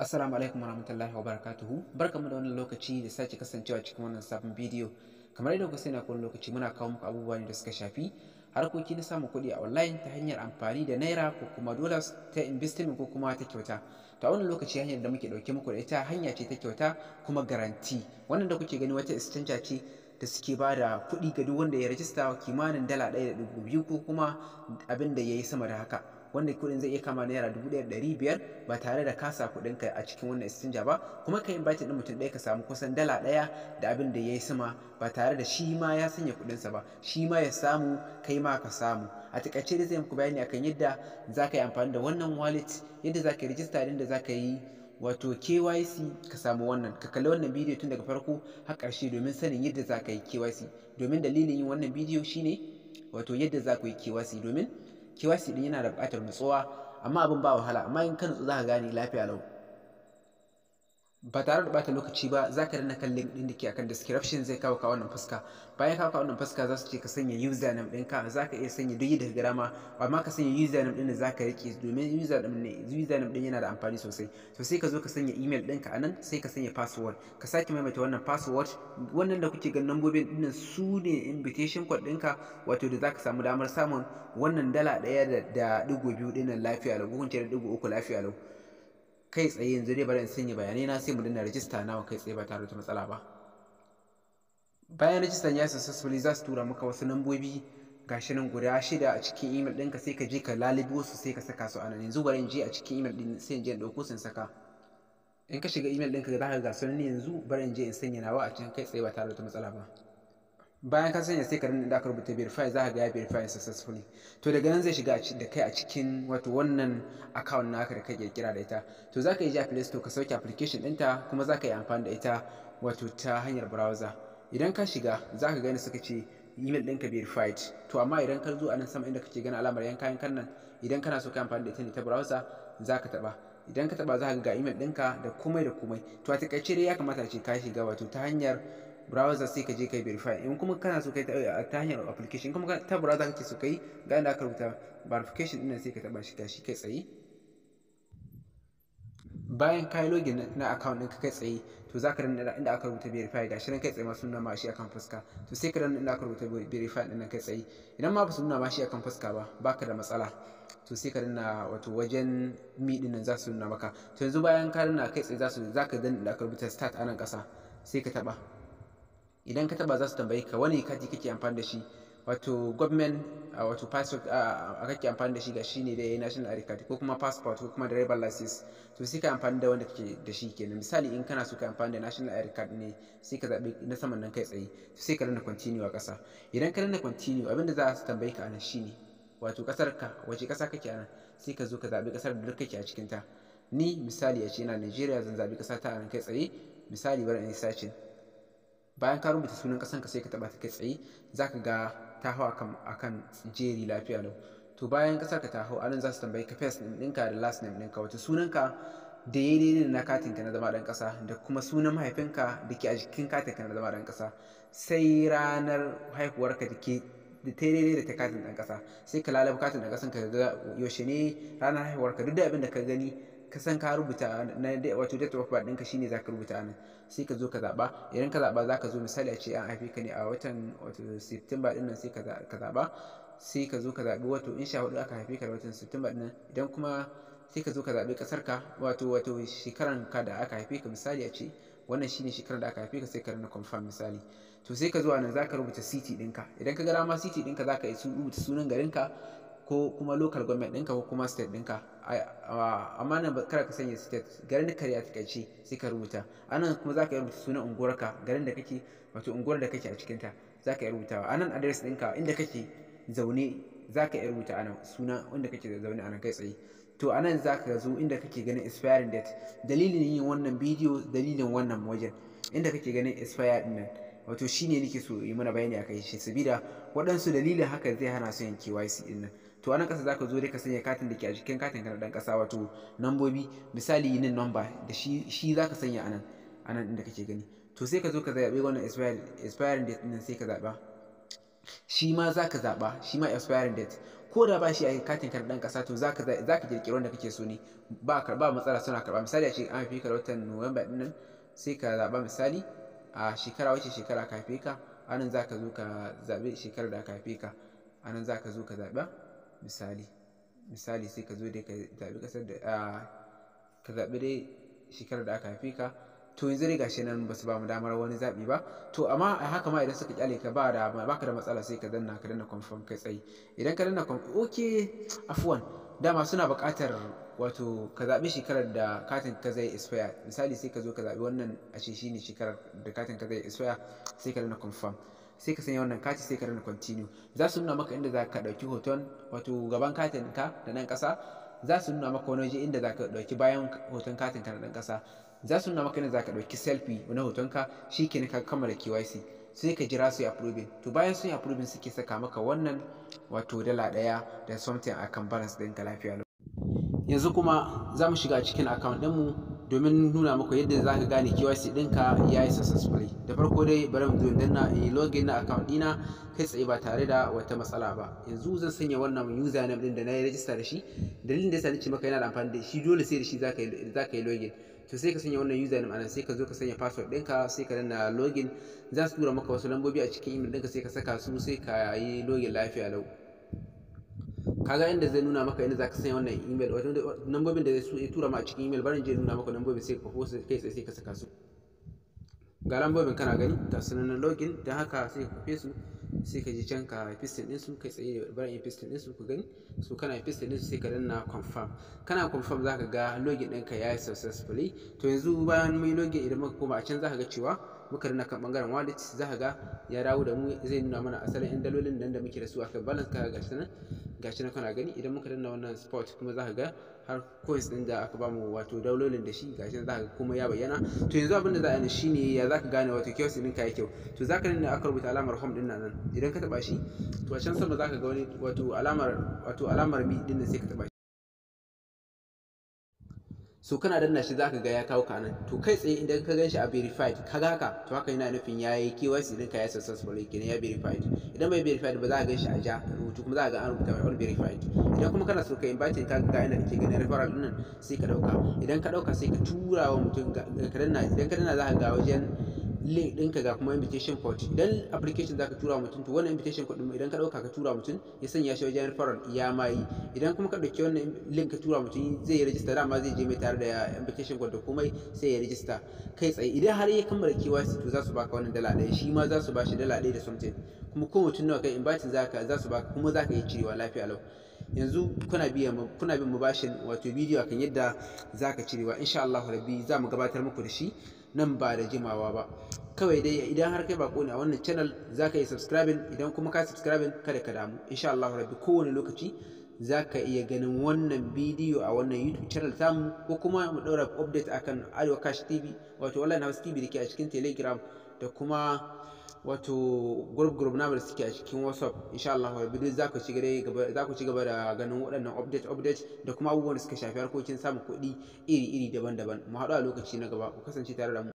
Assalamu alaikum warahmatullahi wabarakatuhu. Barkamu da wannan lokaci da sake kasancewa cikin wannan sabon bidiyo. Kamar yadda kuka sani a lokaci muna kawo muku abubuwa ne da suka shafi harkoki na samun kuɗi a online ta hanyar amfani da naira ko kuma dollars ta investment ko kuma ta kyauta. To a wannan lokaci hanyar da muke ɗauke muku da ita hanya ce ta kyauta kuma garanti. Wannan da kuke gani wata exchange ce da suke ba da kuɗi ga duk wanda ya rajista kimanin dala ɗaya da dubu biyu ko kuma abin da ya yi sama da haka. wannan kuɗin zai iya kama naira dubu ɗaya ɗari biyar ba tare da kasa kuɗin ka a cikin wannan exchange ba kuma ka yi invite ɗin mutum ɗaya ka samu kusan dala ɗaya da abin da ya yi sama ba tare da shi ma ya sanya sa ba shi ma ya samu kai ma ka samu a takaice dai zai muku bayani akan yadda za ka yi amfani da wannan wallet yadda za ka yi rijista da za ka yi wato KYC ka samu wannan ka kalli wannan bidiyo tun daga farko har ƙarshe domin sanin yadda za ka yi KYC domin dalilin yin wannan bidiyo shine wato yadda za ku yi KYC domin KYC din yana da buƙatar nutsuwa amma abin ba wahala amma in ka nutsu za gane lafiya lau ba tare da bata lokaci ba za ka danna kan link ɗin da ke akan description zai kawo ka wannan fuska bayan kawo ka wannan fuska za su ce ka sanya username ɗinka za ka iya sanya duk daga gara ma amma ka sanya username ɗin da za ka riƙe domin username ɗin yana da amfani sosai to sai ka zo ka sanya email ɗinka anan sai ka sanya password ka sake maimaita wannan password wannan da kuke ganin nambobin ɗinnan su ne invitation code ɗinka wato da za ka samu damar samun wannan dala ɗaya da ɗigo biyu ɗinnan lafiya lau ko da ɗigo uku lafiya lau kai tsaye yanzu dai bari in sanya bayanai na sai mu dinga rajista nawa kai tsaye ba tare da matsala ba bayan rajistan ya successfully za su tura maka wasu lambobi gashi nan guda shida a cikin email ɗinka sai ka je ka lalibi wasu sai ka saka su a nan yanzu bari in je a cikin email ɗin sai in je in ɗauko in saka in ka shiga email ɗinka za ka ga sunan yanzu bari in je in sanya nawa a cikin kai tsaye ba tare da matsala ba bayan ka sanya sai ka rinda aka rubuta verify za ka ga ya verify successfully to daga nan zai shiga da kai a cikin wato wannan account naka da ka kirkira da ita to za ka yi a play store ka sauke application ɗinta kuma za ka yi amfani da ita wato ta hanyar browser idan ka shiga za ka gani suka ce email ɗinka verified to amma idan ka zo a nan sama inda kake gani alamar yanka yankan nan idan kana so ka amfani da ita ne ta browser za ka taɓa idan ka taɓa za ka ga email ɗinka da komai da komai to a taƙaice dai ya kamata a ce ka shiga wato ta hanyar browser sai ka je kai verify in kuma kana so kai eh, ta hanyar application kuma ta browser kake so kai ga inda aka rubuta verification din sai ka taba shi gashi kai tsaye bayan ka yi login na account ɗinka kai tsaye to za ka danna inda aka rubuta verify ga shi kai tsaye masu nuna ma shi akan fuska to sai ka danna inda aka rubuta verify ɗin nan kai tsaye idan ma ba su nuna ma shi akan fuska ba baka da matsala to sai ka danna wato wajen mi ɗin nan za su nuna maka to yanzu bayan ka danna kai tsaye za su za ka danna inda aka rubuta start a nan ƙasa sai ka taɓa idan ka taba za su tambaye ka wani kati kake amfani da shi wato government wato passport a kake amfani da shi ga shine da yayi national id card ko kuma passport ko kuma driver license to sai ka amfani da wanda kake da shi kenan misali in kana so ka amfani da national id card ne sai ka zabi na saman nan kai tsaye sai ka danna continue a ƙasa idan ka danna continue abinda za su tambaye ka anan shine wato kasar ka wace ƙasa kake anan sai ka zo ka zabi ƙasar da duk kake a cikin ta ni misali a ce ina Nigeria zan zabi kasa ta anan kai tsaye misali bari in yi bayan ka rubuta sunan kasan ka sai ka taɓa ta kai tsaye za ka ga ta hau akan jeri lafiya lau to bayan ƙasar ka ta hau anan za su tambayi ka first name ɗinka da last name ɗinka wato sunanka da ya daidai na na ka na zama ɗan ƙasa da kuma sunan mahaifinka da ke a jikin katin ka na zama ɗan ƙasa sai ranar haihuwarka da ke da ta daidai da ta katin ɗan ƙasa sai ka lalaba katin ɗan ƙasan ka ga yaushe ne ranar haihuwarka duk da abin da ka gani ka san ka rubuta na wato date of birth ɗinka shine zaka rubuta nan sai ka zo ka zaɓa idan ka zaɓa zaka zo misali a ce an haife ka ne a watan wato September ɗin nan sai ka zaɓa sai ka zo ka zaɓi wato in sha hudu aka haife ka da watan September ɗin nan idan kuma sai ka zo ka zaɓi ƙasar ka wato wato shekaran ka da aka haife ka misali a ce wannan shine shekaran da aka haife ka sai ka rana confirm misali to sai ka zo a nan zaka rubuta city ɗinka idan ka ga dama city ɗinka zaka iya rubuta sunan garinka ko kuma local government ɗinka ko kuma state ɗinka amma nan kada ka sanya state garin da kariya ta takaice sai ka rubuta anan kuma zaka yi rubuta sunan unguwarka garin da kake wato unguwar da kake a cikin ta zaka yi rubutawa anan address ɗinka inda kake zaune zaka yi rubuta anan suna inda kake zaune anan kai tsaye to anan zaka zo inda kake ganin expiring date dalilin yin wannan bidiyo dalilin wannan wajen inda kake ganin expire din nan wato shine nake so yi mana bayani akai shi sabida waɗansu dalilin haka zai hana su yin KYC din nan to anan ƙasa zaka zo dai ka sanya katin da ke a jikin katin ka na ɗan ƙasa wato nambobi misali yinin number da shi shi zaka sanya anan anan inda kake gani to sai ka zo ka zaɓi wannan expiring date ɗin sai ka zaɓa shi ma za ka zaɓa shi ma expiring date ko da ba shi a katin na ɗan ƙasa to za ka ƙirƙiri wanda kake so ne ba karɓa matsala suna karɓa misali a ce an haife ka watan nuwamba ɗin nan sai ka zaɓa misali a shekara wacce shekara ka haife ka anan za ka zo ka zaɓi shekarar da kafeka haife ka anan za ka zo ka zaɓa misali misali sai ka zo dai ka zaɓi ƙasar da ka zaɓi dai shekarar da aka haife ka to yanzu dai gashi nan ba su ba mu damar wani zaɓi ba to amma a haka ma idan suka kyale ka ba da ka da matsala sai ka danna ka danna confirm kai tsaye idan ka danna confirm okay afwan dama suna buƙatar wato ka zaɓi shekarar da katin ka zai expire misali sai ka zo ka zaɓi wannan a ce shine shekarar da katin ka zai expire sai ka danna confirm sai ka sanya wannan kati sai ka rana continue za su nuna maka inda za ka ɗauki hoton wato gaban katin ka da nan ƙasa za su nuna maka wani waje inda za ka ɗauki bayan hoton katin ka na ɗan ƙasa za su nuna maka inda za ka ɗauki selfie na ka shi ke ka kammala KYC sai ka jira su yi approving to bayan sun yi approving suke saka maka wannan wato dala ɗaya da something akan balance ɗinka lafiya yanzu kuma za mu shiga cikin account mu. domin nuna maka yadda za ka gane KYC ɗinka ya yi successfully da farko dai bari mu zo danna yi login na account ɗina kai tsaye ba tare da wata matsala ba yanzu zan sanya wannan username ɗin da na yi register da shi dalilin da yasa nace maka yana da amfani da shi dole sai da shi za ka yi login to sai ka sanya wannan username anan sai ka zo ka sanya password ɗinka sai ka danna login za su tura maka wasu lambobi a cikin email ɗinka sai ka saka su sai ka yi login lafiya lau kaga inda zai nuna maka inda zaka sanya wannan email wato nambobin da zai ya tura ma a cikin email barin je nuna maka nambobin sai ka host kai sai ka saka su ga lambobin kana gani ga sunan login dan haka sai ka kafe su sai ka je can ka piston din su kai tsaye barin yin piston din su ku gani so kana piston din su sai ka danna confirm kana confirm zaka ga login ɗinka ya yi successfully to yanzu bayan mun login idan muka koma a can zaka ga cewa muka rina kan bangaren wallet zaka ga ya dawo da mu zai nuna mana asalin yan dalolin nan da muke da su akan balance ka ga shi nan gashi na kana gani idan muka danna wannan spot kuma za ka ga har coins din da aka bamu wato daulolin da shi gashi za ka ga kuma ya bayyana to yanzu abin da za a yi ne ya za ka gane wato kiosk din ka yi kyau to za ka danna aka rubuta alamar home din nan idan ka taba shi to a can sama za ka ga wani wato alamar wato alamar mi din sai ka taba so kana danna shi zaka ga ya kawo ka nan to kai tsaye idan ka ganshi a verified ka ga ka to haka yana nufin ya yi KYC din ka ya successful kenan ya verified idan bai verified ba za ka ganshi a ja rubutu kuma za ka ga an rubuta all verified idan kuma kana so ka invite ka ga yana ke ganin referral din nan sai ka dauka idan ka dauka sai ka tura wa mutum ka danna idan ka danna za ka ga wajen link ɗinka ga kuma invitation code idan application zaka tura mutum to wannan invitation code ɗin idan ka ɗauka ka tura mutum ya sanya shi wajen referral ya ma yi idan kuma ka ɗauki wannan link ka tura mutum zai yi register dama zai je mai tare da invitation code da komai sai ya register kai tsaye idan har ya kammala KYC to za su baka wannan dala ɗaya shi ma za su bashi dala ɗaya da something kuma ko mutum nawa kai invite zaka za su baka kuma zaka yi cirewa lafiya lau yanzu kuna bin mu bashin wato bidiyo akan yadda zaka cirewa insha Allah rabbi za mu gabatar muku da shi nan ba da jimawa ba kawai dai idan har kai bako ne a wannan channel zaka yi subscribing idan kuma ka subscribing kada ka damu insha Allah rabbi kowane lokaci zaka iya ganin wannan bidiyo a wannan YouTube channel tamu ko kuma mu daura update akan Arewa Cash TV wato online house TV dake a cikin Telegram da kuma wato group group na da suke a cikin whatsapp insha Allah wa bidiyo za ku ci gaba za ku ci da ganin waɗannan update update da kuma abubuwan da suka shafi harkokin samun kuɗi iri iri daban-daban mu haɗu a lokaci na gaba ku kasance tare da mu